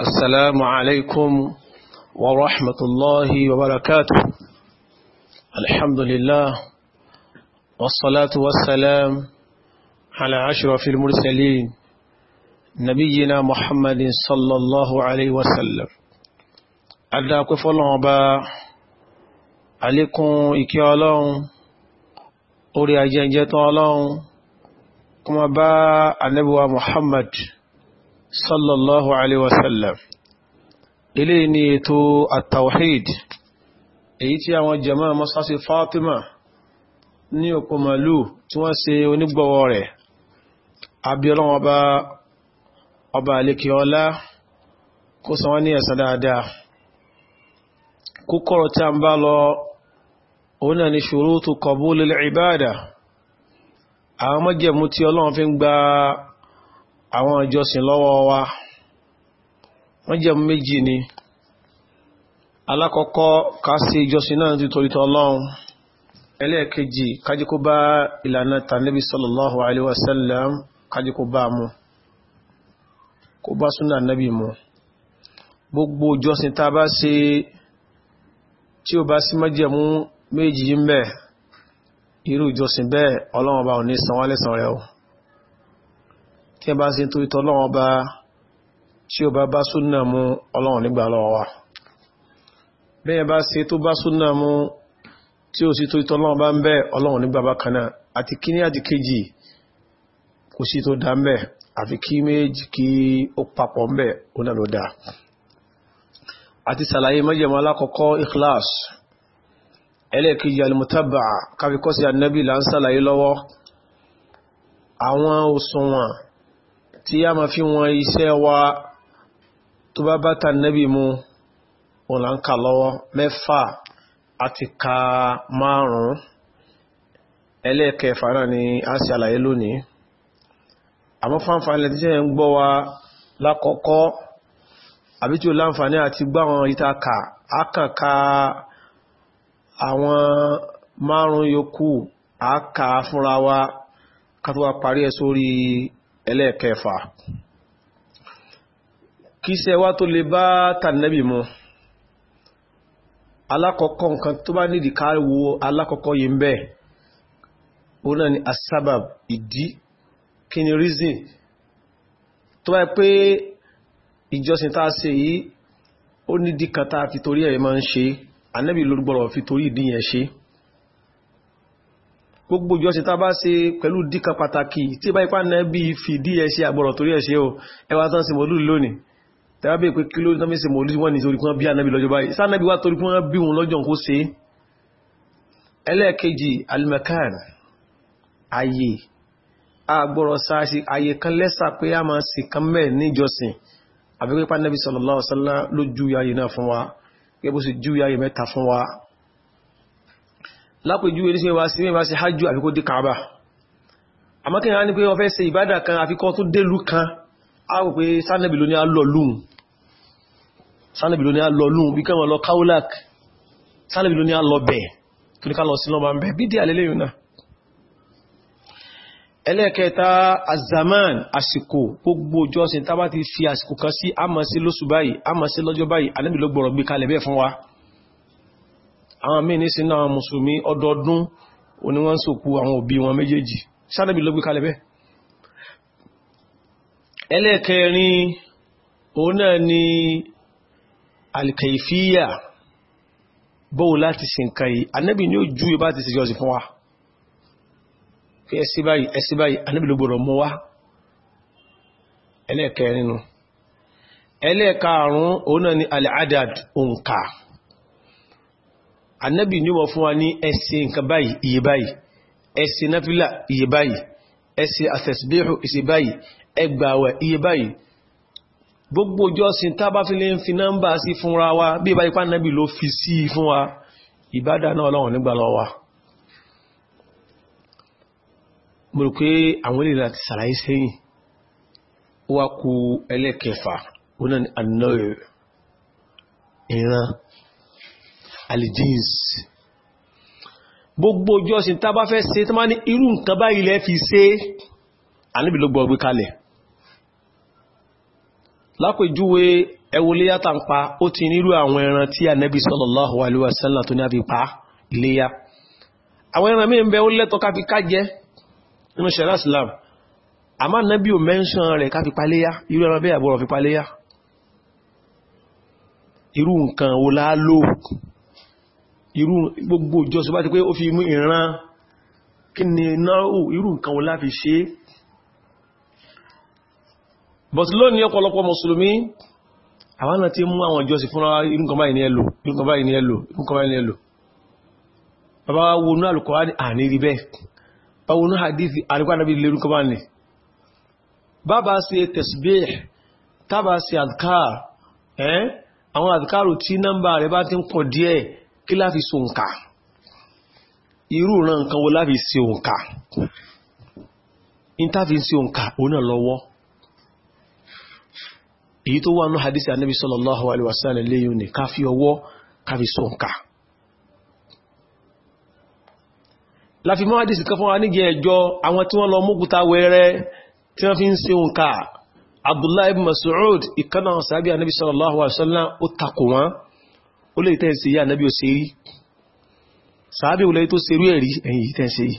السلام عليكم ورحمة الله وبركاته الحمد لله والصلاة والسلام على في المرسلين نبينا محمد صلى الله عليه وسلم أداك فلنبا عليكم إكيالون أولي أجنجة الله كما با النبوة محمد sallallahu alaihi wasallam ilé ni ètò at-tawhid èyí tí àwọn jama masasi fatima ní òpó màlú tí wọ́n ṣe onígbọ̀wọ́ rẹ̀ abiolan ọba ọba alekiola kó san wọ́n ní ẹ̀san dáadáa kúkọ̀rọ̀ tí a ń bá lọ òun náà ni ṣurutu qabulil ibada àwọn mọ́jẹ̀mú tí ọlọ́run fi ń gba àwọn ìjọsìn lọ́wọ́ wa wọ́n jẹ́ méjì ni alákọ̀ọ́kọ́ ká sí ìjọsìn náà ti torítọ̀ ọlọ́run ẹlẹ́ẹ̀kejì kájíkó bá ìlànà tànẹ́bí sallallahu alaihi kájíkó bá kó bá súnà gbogbo ìjọsìn bá ṣe tí ó bá sí méjì ọba ò ní o. tí ẹ bá ṣe tó ìtọ́ lọ́wọ́ bá tí ó bá bá súnà mú ọlọ́run nígbà lọ́wọ́ wa bí ẹ bá ṣe tó bá súnà mú tí ó sì tó ìtọ́ lọ́wọ́ bá ń bẹ́ ọlọ́run nígbà bá kan náà àti kíní àti kejì kò sí tó dá ń bẹ́ àfi kí méjì kí ó papọ̀ ń bẹ́ ó náà ló dá àti sàlàyé mẹ́jẹ̀mọ́ alákọ̀ọ́kọ́ ikhlas ẹlẹ́ẹ̀kejì alimutaba káfikọ́sí annabi là ń sàlàyé lọ́wọ́ àwọn òṣùwọ̀n tí a máa fi wọn iṣẹ́ wa tó bá bá ta nẹ́bì mu wọn là ń kà lọ́wọ́ mẹ́fà àti ka márùn-ún ẹlẹ́ẹ̀kẹfà náà ni a ṣe àlàyé lónìí àmọ́ fáǹfààní lẹ́tí sẹ́yìn ń gbọ́ wa lákọ̀ọ́kọ́ àbí tí ó láǹfààní àti gbọ́ àwọn ìta kà á kàn ka àwọn márùn-ún yòókù á fúnra wa ká tó parí ẹ̀ sórí ẹlẹ́ẹ̀kẹfà kí iṣẹ́ wa tó lè bá tànẹ́bì mu alákọ̀ọ́kọ́ nǹkan tó bá nídìí ká wo alákọ̀ọ́kọ́ yìí ń bẹ́ẹ̀ ó náà ni asabab ìdí kí ni reason tó bá pé ìjọsìn tá a ṣe yìí ó nídìí kan tá ẹ̀ máa ń ṣe ànẹ́bì ló gbọ́dọ̀ ìdí yẹn ṣe gbogbo ìjọsìn tá bá ṣe pẹ̀lú díkan pàtàkì tí bá ipá náà bí fìdí ẹṣẹ́ àgbọ̀rọ̀ torí ẹṣẹ́ o ẹwà tán sí mọ̀lú lónìí tẹ́wà bí i pé kí ló tán fi sí mọ̀lú wọ́n ni torí kún bí anábì lọ́jọ́ báyìí sánábì wá torí kún a máa sì kan mẹ́ níjọsìn àbíkẹ́pá nábì sallallahu alaihi wasallam ló ju ayé náà fún wa gẹ́gẹ́ bó sì ju lápèjúwe ní sinimá sí mẹ́bá sí hajjú àfikó dé kàábà àmọ́kìnrin á ní pé wọ́n fẹ́ ṣe ìbádà kan àfikọ́ tó délú kan á rò pé sánẹ́bì ló ní á lọ lóhun bí kẹ́wọ́n lọ kaulak sánẹ́bì ló ní á lọ bẹ̀ tó ní ká lọ sí lọ́ba ń bẹ̀ bí dí àlélẹ́yìn àwọn míì ní sínú àwọn mùsùlùmí ọdọọdún oní wọ́n ń sòkú àwọn òbí wọn méjèèjì sánàbí ló gbé kalẹ̀ bẹ́ẹ̀ ẹlẹ́ẹ̀kẹrin òun náà ni alkaifiya bóò láti ṣe nǹkan yìí anábì ní ó ju ibá ti ṣíjọ́ sí fún wa ẹsí báyìí òun náà ni al-adad annabi ni wọ́n fún wa ní ẹsẹ̀ nǹkan báyìí iye báyìí ẹsẹ̀ náfílà iye báyìí ẹsẹ̀ àtẹ̀sìbíhù iṣẹ́ báyìí ẹgbàwẹ̀ iye báyìí gbogbo ọjọ́sìn tábá fi lè ń fi nọ́mbà sí fúnra wa bí ibá ipá náàbì ló fi sí fún wa ìbádà náà ọlọ́run nígbà lọ wa mo rò pé àwọn ilé láti sàlàyé sẹ́yìn ó ku ẹlẹ́kẹfà ó náà ni alijins gbogbo ìjọsìn tá bá fẹ́ ṣe tó máa ní irú nǹkan báyìí lẹ́ fi ṣe àníbì ló gbọ́gbé kalẹ̀ lápèjúwe ẹwọ léyà tá ń pa ó ti nírú àwọn ẹran tí ànábì sallallahu alaihi tó ní a fi pa léyà àwọn ẹran mí ń ó lẹ́tọ́ ká fi ká jẹ nínú ṣẹlá islam àmá nábì ò mẹ́ńṣán rẹ̀ ká fi paléyá irú ẹran bẹ́ẹ̀ àbúrò fi paléyá irú nǹkan wo láá lóòkù irú gbogbo ìjọsìn bá ti pé ó fi mú ìran kí ni náà irú nǹkan wọ́n láfi ṣe bọ̀tí lónìí ọ̀pọ̀lọpọ̀ mùsùlùmí àwọn náà ti mú àwọn ìjọsìn fún irú nǹkan báyìí ní ẹlò irú nǹkan báyìí ní ẹlò irú báyìí ní ẹlò hadithi àríkọ́ àdábí lè irú nǹkan báyìí ní bàbá ṣe tasbih adkar àwọn adkar tí nọ́mbà rẹ̀ bá kí láfi so nǹka irú ìran nǹkan wo láfi ṣe òǹkà ìntàfi ṣe òǹkà òun náà lọ́wọ́ èyí tó wà ní hadisi anábi sallallahu alaihi wasallam lẹ́yìn ní ká fi ọwọ́ ká so òǹkà láfi mọ́ hadisi kan fún wa nígẹ ẹjọ́ àwọn tí wọ́n lọ mókúta wẹ́rẹ́ tí wọ́n fi ń ṣe òǹkà Abdullahi ibn Mas'ud ìkanáà sàábí anábi sallallahu alaihi wasallam ó takò wọn ó lè tẹ́ ṣe yá ànábì ò ṣe rí sàábì ò lẹ́yìn tó ṣerú ẹ̀rí ẹ̀yìn yìí tẹ́ ṣe yìí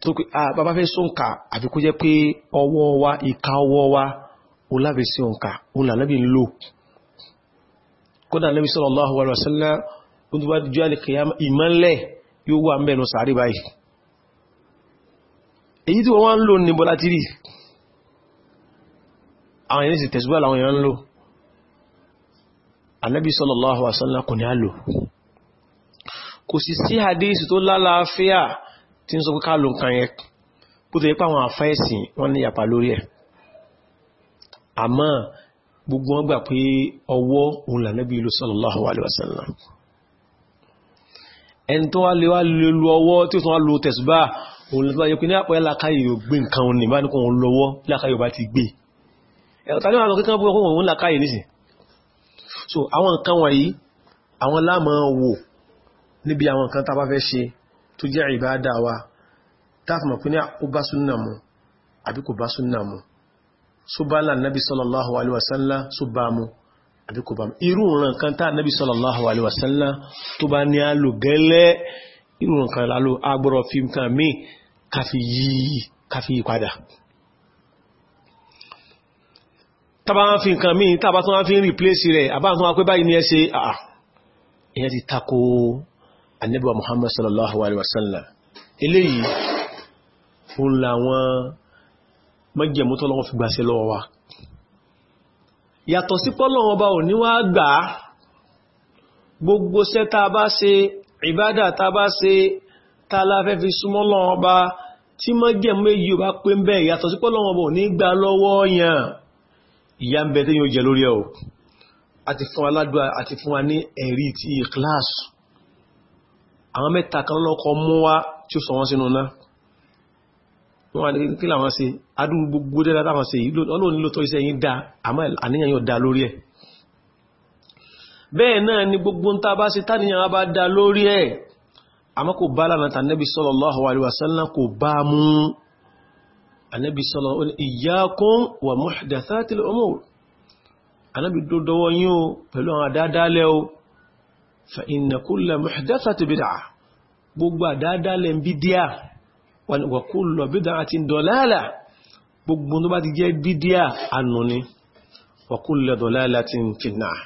tó pé a bàbá fẹ́ sọ́nkà àfi kó jẹ́ pé ọwọ́ wa ìka ọwọ́ wa ó láfi sí òǹkà ó là nábì ń lò kódà nábì sallallahu alaihi wasallam ó tó bá jọ àlìkìyàmá àwọn èèyàn ń lò anábì sallallahu alaihi wasallam kò ní àlò kò sì sí hadisi tó lálàáfíà tí ń sọ pé ká lo nǹkan yẹn kó tó yẹ pé àwọn àfẹ́ẹ̀sìn wọ́n ní yàpá lórí ẹ̀ àmọ́ gbogbo wọn gbà pé ọwọ́ òun lànàbí ìlú sallallahu alaihi wasallam ẹni tó wá lè wá lè lu ọwọ́ tí ó tún wá lo tẹ̀sùbá òun lè tó yẹ pé ní àpọ̀ ẹlákàyè ò gbé nǹkan òun nìbá ní kò òun lọ́wọ́ lákàyè ò bá ti gbé ẹ̀rọ tàbí àwọn akẹ́kọ̀ọ́ so àwọn nǹkan wọ̀nyí àwọn lámọ̀ wò níbi àwọn nǹkan tá bá fẹ́ ṣe tó jẹ́ ìbáadà wa táàmà pín ní ó bá súnnà mu àbí kò bá súnnà mu so bá là nábi sallallahu alaihi wasallam so bá mu àbí kò bá mu irú ìran kan tá nábi sallallahu alaihi tàbá ń fi nǹkan míì tàbá tó wọ́n fi ń replace rẹ̀ àbá tó wọ́n pẹ́ báyìí ní ẹsẹ̀ àà ìyẹn ti tako Ànábì wa Muhammad sallallahu alaihi wasallam eléyìí fún làwọn mọ́jẹ̀mú lọ́wọ́ fi gbàṣẹ lọ́wọ́ wa yàtọ̀ sí pọ́lọ́wọ́ bá ò ní wá gbà á gbogbo ṣẹ́ tá a bá ṣe ìbádà tá a bá ṣe tá a láfẹ́ fi súnmọ́ lọ́wọ́ bá tí ìyá ń bẹ tí yóò jẹ lórí ẹ̀ o àti fún aládùá àti fún wa ní ẹ̀rí ti ìkíláàsù àwọn mẹ́ta kan lọ́kọ̀ mú wá tí ó sọ wọ́n sínú náà wọ́n wá ní kí làwọn ṣe adúrú gbogbo dẹ́dá táwọn ṣe yìí ọlọ́run ló sallallahu alaihi wasallam kò anábi sọ́lọ̀ ìyákún wà muhdathatil umur anábi dọ́dọ́wọ́ yíò pẹ̀lú àwọn àdádálẹ̀ o fa inna kulla muhdathati bid'ah gbogbo àdádálẹ̀ ń bídíà wà kullu bid'atin dalalah gbogbo tó bá ti jẹ́ bídíà ànú ni wà kullu dalalatin finnah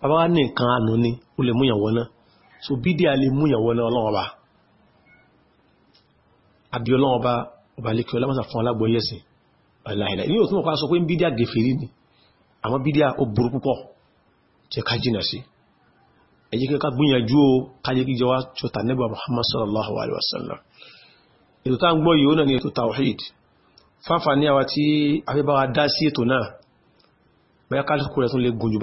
bàbá wá ní nǹkan ọbalẹ́kẹ́ ọlámọ́sà fún alágbọ́yẹ́sìn aláìlá ní òtún ọ̀pá sọ pé bídíà gẹ̀fẹ̀rí ni àwọn bídíà ó burú púpọ̀ jẹ ká jìnà sí ẹ jẹ́ ká gbìyànjú o káyé kí jọwá nẹ́bà Muhammad sallallahu alaihi wasallam ètò tá ń gbọ́ yìí ó náà ní ètò tawhid fáfà ní àwa tí afẹ́bára dá sí ètò náà bóyá kálukú rẹ̀ tún lè gùn jù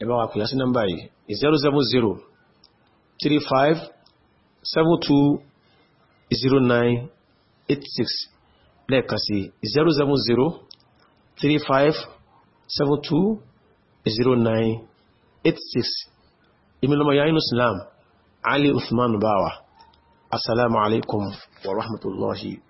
yìí 070 35 seven two zero nine eight six lẹ́ẹ̀kan sí zero seven zero three five seven two zero nine eight six ìmìlọ́mọ yainu islam ali usman bawa asalaamualeykum wa rahmatulahi